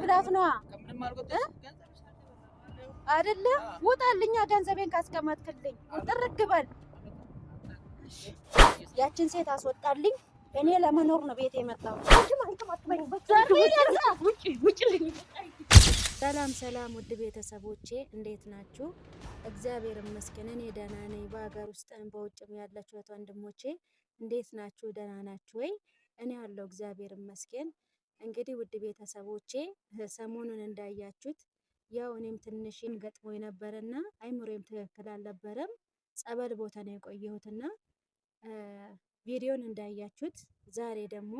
መብላት ነዋ አይደለ? ውጣልኛ ገንዘቤን ካስቀመጥክልኝ ጥርግበል። ያችን ሴት አስወጣልኝ። እኔ ለመኖር ነው ቤት የመጣው። ሰላም ሰላም፣ ውድ ቤተሰቦቼ እንዴት ናችሁ? እግዚአብሔር ይመስገን እኔ ደህና ነኝ። በሀገር ውስጥም በውጭም ያላችሁት ወንድሞቼ እንዴት ናችሁ? ደህና ናችሁ ወይ? እኔ ያለው እግዚአብሔር ይመስገን። እንግዲህ ውድ ቤተሰቦቼ ሰሞኑን እንዳያችሁት ያው እኔም ትንሽን ገጥሞ የነበረና አይምሮም ትክክል አልነበረም። ጸበል ቦታ ነው የቆየሁትና ቪዲዮን እንዳያችሁት ዛሬ ደግሞ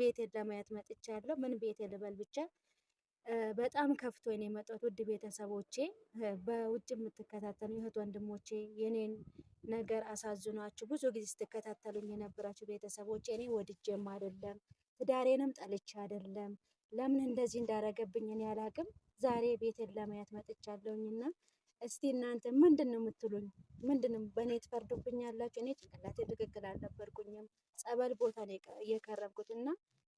ቤቴን ለማየት መጥቻለሁ። ምን ቤቴ ልበል ብቻ በጣም ከፍቶ ነው የመጣሁት። ውድ ቤተሰቦቼ በውጭ የምትከታተሉ እህት ወንድሞቼ የኔን ነገር አሳዝኗችሁ ብዙ ጊዜ ስትከታተሉኝ የነበራችሁ ቤተሰቦቼ እኔ ወድጄም አይደለም ትዳሬንም ጠልቼ አይደለም ለምን እንደዚህ እንዳረገብኝ እኔ አላቅም። ዛሬ ቤቴን ለማየት መጥቻለሁኝና እስቲ እናንተ ምንድን ነው የምትሉኝ? ምንድን ነው በእኔ ትፈርዱብኛላችሁ? እኔ ጭንቅላቴ ትክክል አልነበርኩኝም። ጸበል ቦታ ነው የከረምኩት እና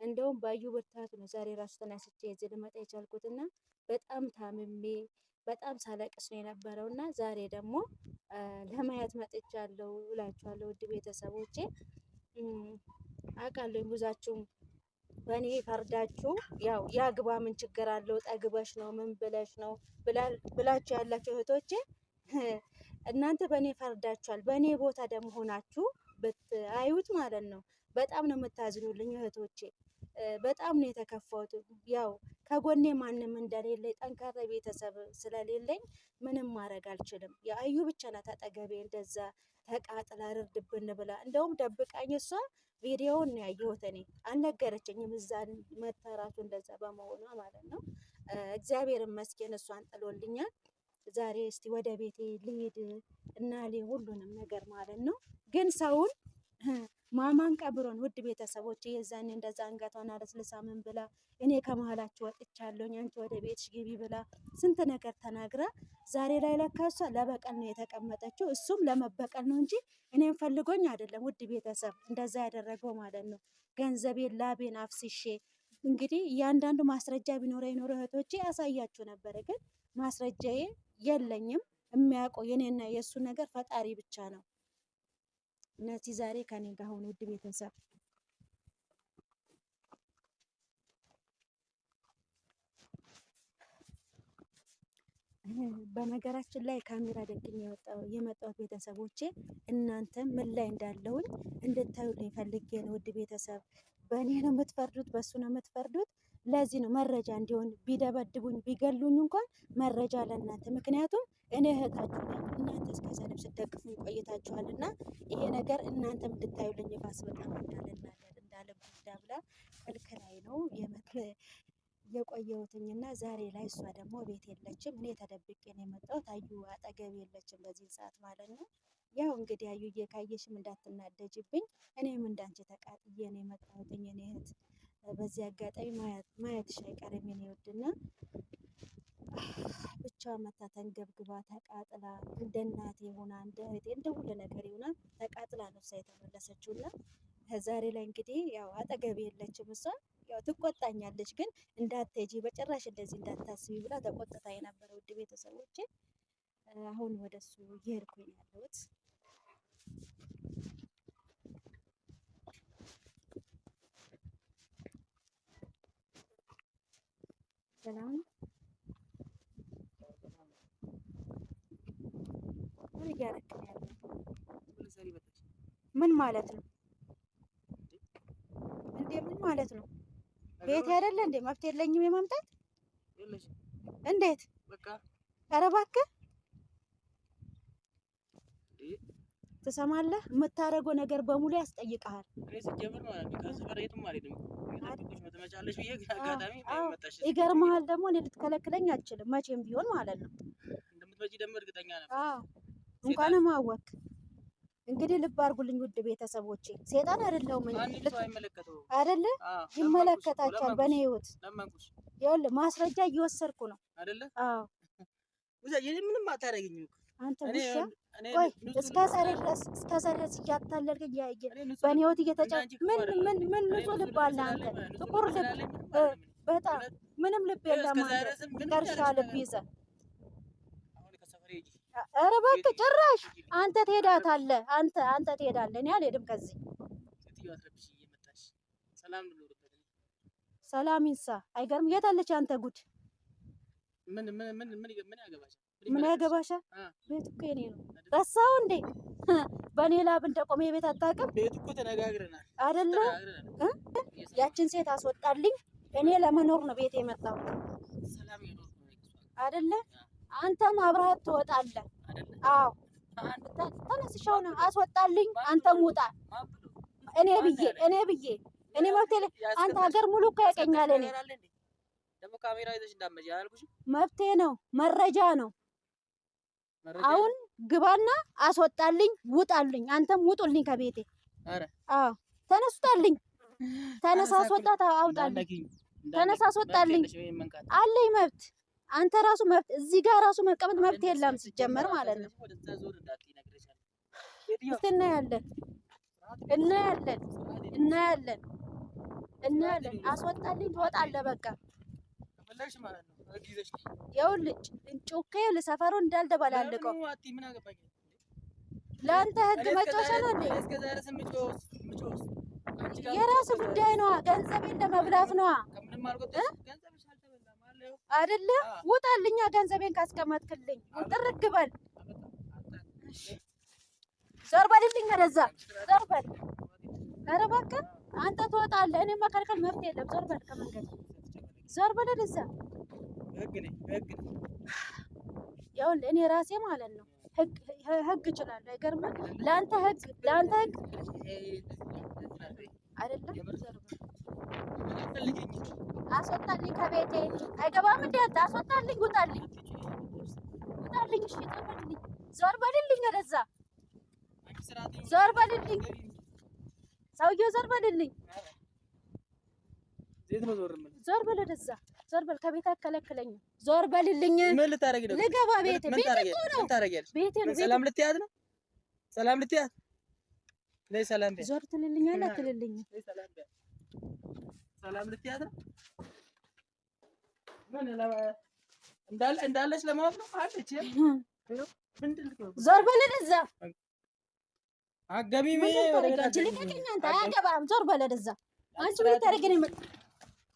እንደውም ባዩ ብርታት ነው ዛሬ ራሱ ተነስቼ እዚህ ልመጣ የቻልኩት እና በጣም ታምሜ በጣም ሳለቅስ ነው የነበረው እና ዛሬ ደግሞ ለማየት መጥቻለሁ እላችኋለሁ ውድ ቤተሰቦቼ አውቃለሁ ብዙአችሁም በእኔ ፈርዳችሁ ያው ያግባ ምን ችግር አለው ጠግበሽ ነው ምን ብለሽ ነው ብላችሁ ያላችሁ እህቶቼ እናንተ በእኔ ፈርዳችኋል። በእኔ ቦታ ደግሞ ሆናችሁ ብታዩት ማለት ነው በጣም ነው የምታዝኑልኝ እህቶቼ። በጣም ነው የተከፋሁት ያው ከጎኔ ማንም እንደሌለ ጠንካራ ቤተሰብ ስለሌለኝ ምንም ማድረግ አልችልም። የአዩ ብቻ ናት አጠገቤ እንደዛ ተቃጥላ ርድብን ብላ። እንደውም ደብቃኝ እሷ ቪዲዮውን ነው ያየሁት እኔ አልነገረችኝም። እዛን መተራቱ እንደዛ በመሆኗ ማለት ነው። እግዚአብሔር ይመስገን እሷን ጥሎልኛል። ዛሬ እስቲ ወደ ቤቴ ልሂድ እና ሁሉንም ነገር ማለት ነው ግን ሰውን ማማን ቀብሮን ውድ ቤተሰቦች የዛኔ እንደዛ አንገቷን አለስልሳ ምን ብላ እኔ ከመሀላችሁ ወጥቻለሁኝ አንቺ ወደ ቤትሽ ግቢ ብላ ስንት ነገር ተናግራ ዛሬ ላይ ለካሷ ለበቀል ነው የተቀመጠችው፣ እሱም ለመበቀል ነው እንጂ እኔም ፈልጎኝ አይደለም። ውድ ቤተሰብ እንደዛ ያደረገው ማለት ነው ገንዘቤን ላቤን አፍስሼ እንግዲህ እያንዳንዱ ማስረጃ ቢኖረ ይኖረ እህቶቼ ያሳያችሁ ነበረ፣ ግን ማስረጃዬ የለኝም። የሚያውቀው የኔና የእሱ ነገር ፈጣሪ ብቻ ነው። እነዚህ ዛሬ ከኔ ጋር ሆኑ ውድ ቤተሰብ በነገራችን ላይ ካሜራ ደግኝ የመጣሁት ቤተሰቦቼ እናንተ ምን ላይ እንዳለውኝ እንድታዩልኝ ፈልጌ ነው። ውድ ቤተሰብ በእኔ ነው የምትፈርዱት፣ በእሱ ነው የምትፈርዱት። ለዚህ ነው መረጃ እንዲሆን ቢደበድቡኝ ቢገሉኝ እንኳን መረጃ ለእናንተ ምክንያቱም እኔ እህታችሁ ነኝ። እናንተ እስከዛሬም ስትደግፉኝ ቆይታችኋል እና ይሄ ነገር እናንተም እንድታዩልኝ ባስ በጣም እንዳለ ጉዳ ብላ ክልክላይ ነው የቆየሁትኝ እና ዛሬ ላይ እሷ ደግሞ ቤት የለችም። እኔ ተደብቄ ነው የመጣሁት። አዩ አጠገብ የለችም በዚህ ሰዓት ማለት ነው። ያው እንግዲህ አዩዬ ካየሽም እንዳትናደጅብኝ፣ እኔም እንዳንቺ ተቃጥዬ ነው የመጣሁትኝ እኔ እህት በዚህ አጋጣሚ ማየትሽ አይቀርም የኔ ውድና ብቻ መታ ተንገብግባ ተቃጥላ እንደ እናቴ ሆና እንደ እህቴ እንደ ሁሉ ነገር ሆና ተቃጥላ ነፍሳ የተመለሰችው እና ዛሬ ላይ እንግዲህ ያው አጠገብ የለችም እሷ ያው ትቆጣኛለች፣ ግን እንዳትሄጂ በጭራሽ እንደዚህ እንዳታስቢ ብላ ተቆጥታ የነበረ ውድ ቤተሰቦቼ አሁን ወደ እየሄድኩኝ ያለሁት ሰላም ምን እያደረክ ነው ያለው? ምን ማለት ነው እንዴ? ምን ማለት ነው? ቤት አይደለ እንዴ? መብት የለኝም የማምጣት እንዴት? ኧረ እባክህ ትሰማለህ? የምታደርገው ነገር በሙሉ ያስጠይቅሃል። ይገርመሃል ደግሞ እኔ ልትከለክለኝ አልችልም መቼም ቢሆን ማለት ነው። እንኳንም አወክ። እንግዲህ ልብ አድርጉልኝ ውድ ቤተሰቦቼ፣ ሴጣን አይደለሁም አይደለ? ይመለከታቸዋል። በእኔ ህይወት ይኸውልህ ማስረጃ እየወሰድኩ ነው። ምንም አታደርጊኝም አንተ ውሻ ቆይ እስከ ዛሬ ድረስ እስከ ዛሬ ድረስ እያታለልክ እያየ በእኔ ህይወት እየተጫ ምን ምን ምን ንጹህ ልብ አለ አንተ ጥቁር ልብ በጣም ምንም ልብ የለም አንተ ቀርሻ ልብ ይዘህ ኧረ እባክህ ጭራሽ አንተ ትሄዳታለህ አንተ አንተ ትሄዳለህ እኔ አልሄድም ከዚህ ሰላም ይንሳ አይገርም የት አለች አንተ ጉድ ምን ምን ምን ምን ያገባሽ ምን ያገባሻ ቤት እኮ የኔ ነው። ረሳው እንዴ? በእኔ ላብ እንደቆመ የቤት አታውቅም። ቤት እኮ ተነጋግረናል አይደለ? ያችን ሴት አስወጣልኝ። እኔ ለመኖር ነው ቤት የመጣሁት አይደለ? አንተም አብረሃት ትወጣለህ። አዎ ተነስሻው ነው። አስወጣልኝ፣ አንተም ውጣ። እኔ ብዬ እኔ ብዬ እኔ መብቴ አንተ ሀገር ሙሉ እኮ ያቀኛል። እኔ መብቴ ነው፣ መረጃ ነው አሁን ግባና አስወጣልኝ፣ ውጣልኝ፣ አንተም ውጡልኝ ከቤቴ። አዎ ተነሱታልኝ፣ ተነሳ፣ አስወጣት፣ አውጣልኝ፣ ተነሳ፣ አስወጣልኝ አለኝ መብት። አንተ ራሱ መብት እዚህ ጋር ራሱ መቀመጥ መብት የለም ሲጀመር ማለት ነው። እስኪ እናያለን፣ እናያለን፣ እናያለን፣ እናያለን። አስወጣልኝ፣ ትወጣለህ በቃ ይኸውልህ ጮኬ ለሰፈሩ እንዳልደባላለቀው ለአንተ ህግ መጮሻ ነው እንዴ? የራሱ ጉዳይ ነዋ። ገንዘቤን ለመብላት ነዋ አይደለ? ውጣልኛ ገንዘቤን ካስቀመጥክልኝ ጥርግ በል። ዞር በልልኝ ወደዛ ዞር በል። ኧረ በቃ አንተ ትወጣለህ። እኔ መከልከል መብት የለም። ዞር በል ከመንገድ ዞር በል ወደዛ ያው እኔ ራሴ ማለት ነው ህግ እችላለሁ። አይገርምም? ለአንተ ህግ ለአንተ ህግ አይደለም አስወጣልኝ፣ ከቤቴ አይገባም። እንደ አስወጣልኝ፣ ውጣልኝ፣ ውጣልኝ። እሺ ዞር ዞር በልልኝ፣ ወደዛ ዞር በልልኝ፣ ሰውዬው ዞር በልልኝ፣ ዞር በል ወደዛ ዞር በል ከቤት አከለክለኝ፣ ዞር በልልኝ። ምን ልታረጊ ነው? ልገባ ቤት ቤት እኮ ነው። ሰላም ልትያት ነው። ሰላም ልትያት ነይ፣ ሰላም በይ። ዞር ትልልኛለህ አትልልኝ? ሰላም ልትያት ነው። ምን እንዳለ እንዳለች ለማወቅ ነው አለች። ዞር በልል እዛ አገቢ ምን ልቀቂኝ፣ አንተ አያገባህም። ዞር በልል እዛ አንቺ ምን ልታረጊ ነው?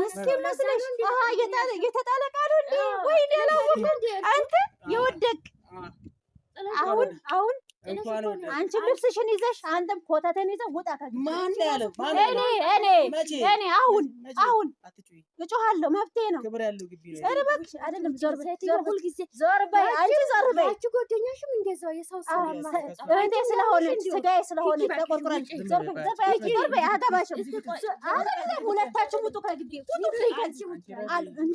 ምስኪን መስለሽ እየተጣለቃሉ እንዴ? አንተ የወደቅ አሁን አሁን አንቺ ልብስሽን ይዘሽ አንተም ኮተትን ይዘህ ውጣ። ማን ያለው እኔ እኔ እኔ አሁን አሁን እጮሃለሁ። መብቴ ነው። ክብር ያለው ግቢ ኧረ እባክሽ አይደለም። ዞር በይ፣ ዞር በይ፣ አንቺ ዞር በይ። ጓደኛሽም እንደዚያው የሰው ሰው እህቴ ስለሆነች ስጋዬ ስለሆነች ተቆርቁረች። ዞር በይ፣ ዞር በይ። አገባሽም። ሁለታችሁም ውጡ ከግቢ ከዚህ አሉ እንዴ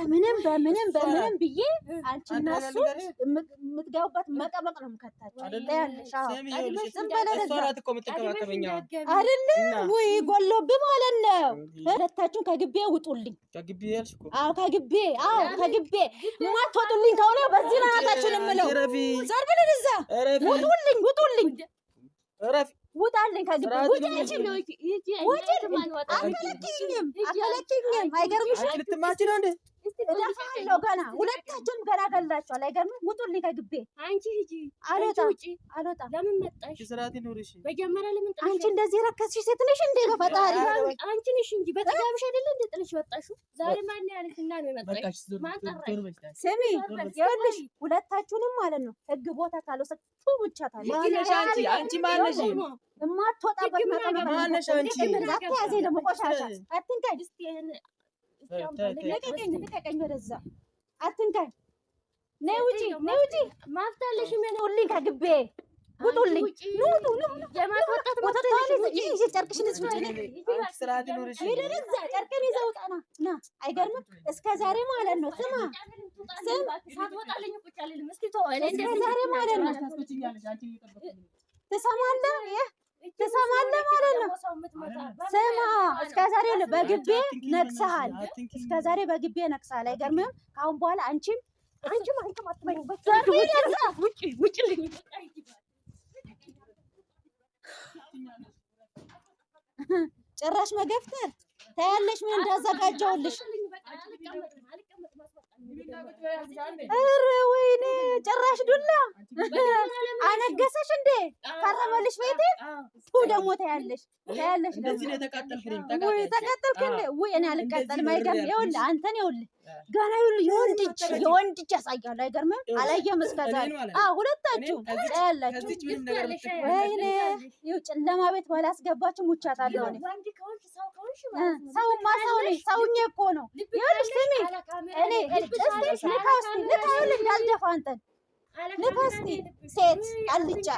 በምንም በምንም በምንም ብዬ አንቺ እና እሱ የምትገቡበት መቀመቅ ነው የምከታቸው። አይደለም ወይ ጎሎብ ማለት ነው። ሁለታችሁን ከግቤ ውጡልኝ። አዎ ከግቤ አዎ ከግቤ ማትወጡልኝ ከሆነ በዚህ ናታችን አናታችሁን የምለው። ዘርብልን እዛ ውጡልኝ፣ ውጡልኝ ውጣልኝ ከግቢ ውጪ አንቺ ውጪ አትለኪኝም አይገርምሽም ልትማች ነው እንዴ እደፋለሁ ገና ሁለታችሁንም ገና ገላችኋል። አይገርምም? ውጡልኝ ከግቤ። አንቺ ሂጂ፣ አልወጣም፣ ለምን መጣሽ? ስርዓት ይኑርሽ። መጀመሪያ ለምን ጥለሽ አንቺ እንደዚህ የረከስሽ ሴት ነሽ እንዴ? በፈጣሪ አንቺ ነሽ እንጂ በጥጋብሽ አይደለ እንደ ጥለሽ ወጣሽው። ዛሬ ማን ያለሽና ነው የመጣሽ? ማን ጠራሽ? ስሚ፣ ይኸውልሽ ሁለታችሁንም ማለት ነው ህግ ቦታ ካልወሰድኩ ብቻ አንቺ አንቺ የማትወጣበት መጠን ማን አንቺ? እንዳትያዘኝ ደግሞ ቆሻሻ አትንካኝ። ልቀቀኝ፣ ልቀቀኝ፣ ወደዛ አትንካኝ። ነይ ውጪ፣ ነይ ውጪ። ማፍታለሽ ሁሉኝ ከግቤ ውጡልኝ። ኑ ኑ ኑ። የማትወጣት ጨርቅሽን ጨርቅን ይዘህ ውጣ ና። አይገርምም? እስከ ዛሬ ማለት ነው። ትሰማለህ? ትሰማለህ ማለት ነው። ስማ እስከ ዛሬ በግቤ ነቅሰሃል፣ እስከ ዛሬ በግቤ ነቅሰሃል። አይገርምህም? ከአሁን በኋላ አንቺም ጭራሽ መገፍተር ታያለሽ፣ ምን እንዳዘጋጀውልሽ። ኧረ ወይኔ ጭራሽ ዱላ አነገሰሽ እንዴ? ካረመልሽ ቤቴ ቱ ደግሞ ታያለሽ ታያለሽ። ተቀጠልክ እንዴ? ውይ እኔ አልቀጠልም። አይገርም። ይኸውልህ አንተን ይኸውልህ ገና የወንድ እጅ የወንድ እጅ ያሳያል። አይገርምም? አላየም እስከዛ ሁለታችሁ ታያላችሁ። ወይኔ ይኸው ጨለማ ቤት ባላስገባችሁ ሙቻታለሁ። ሰውማ ሰው ነኝ ሰውዬ እኮ ነው። ይኸውልሽ ስሚ እኔ ልካ ልካ ይኸውልህ እንዳልደፋ አንተን ንፋስቲ ሴት አልጫ